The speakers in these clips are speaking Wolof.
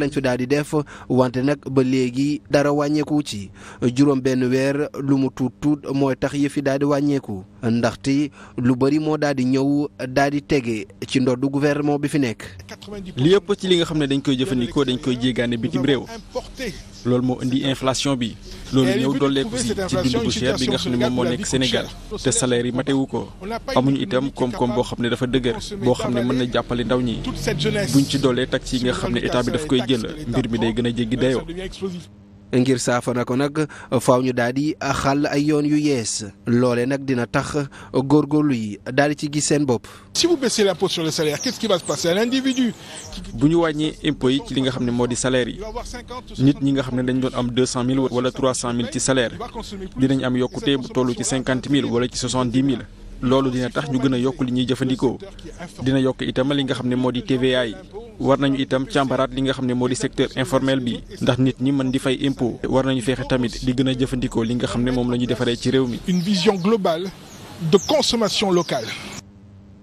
lañ fi daal di def wante nag ba léegi dara wàññeeku ci juróom benn weer lu mu tuut tuut mooy tax yëf yi daal di wàññeeku ndaxte lu bari moo daal di ñëw daal di tege ci ndoddu gouvernement bi fi nekk. li yëpp ci li nga xam ne dañ koy jëfandikoo dañ koy jéggaane bitim réew loolu moo indi inflation bi loolu ñëw dolleeku si ci dund bu cher bi nga xam ne moom moo nekk Sénégal te salaire yi matewu ko amuñu itam koom-koom boo xam ne dafa dëgër boo xam ne mën na jàppale ndaw ñi buñ ci doolee tax yi nga xam ne état bi daf koy jël mbir mi day gën a jéggi dayoo. ngir saafara ko nag faaw ñu daal di xàll ay yoon yu yees loole nag dina tax góor góorgóorlu yi daal di ci gis seen bopp. si vous baissez l'impôt sur bu ñu wàññi impôt yi ci li nga xam ne moo di salaire yi nit ñi nga xam ne dañ doon am deux cent mille wala trois cent mille ci salaire dinañ am yokkute bu toll ci cinquante mille wala ci soixante dix mille. loolu dina tax ñu gën yokk li ñuy jëfandikoo dina yokk itam li nga xam ne moo di TVA yi war nañu itam càmbaraat li nga xam ne moo di secteur informel bi ndax nit ñi mën di fay impôt war nañu fexe tamit di gën a jëfandikoo li nga xam ne moom la ñu defaree ci réew mi. une vision globale de consommation locale.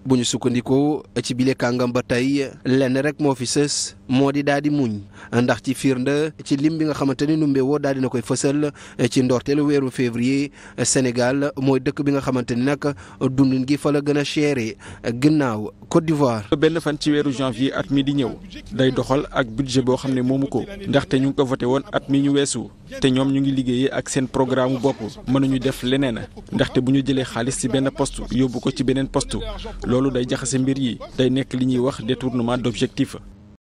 bu ñu sukkandikoo ci bile kàngam ba tey lenn rek moo fi sës. moo di daal di muñ ndax ci fiir nda ci lim bi nga xamante ni numbe woo daal dina koy fësal ci ndorteelu weeru février Sénégal mooy dëkk bi nga xamante ni nag dundin gi fa la gën a chéré ginnaaw Côte d'Ivoire. benn fan ci weeru janvier at mi di ñëw day doxal ak budget boo xam ne moomu ko ndaxte ñu ngi ko voté woon at mi ñu weesu te ñoom ñu ngi liggéeyee ak seen programme bopp ñu def leneen ndaxte bu ñu jëlee xaalis ci benn poste yóbbu ko ci beneen poste loolu day jaxase mbir yi day nekk li ñuy wax détournement d'objectif.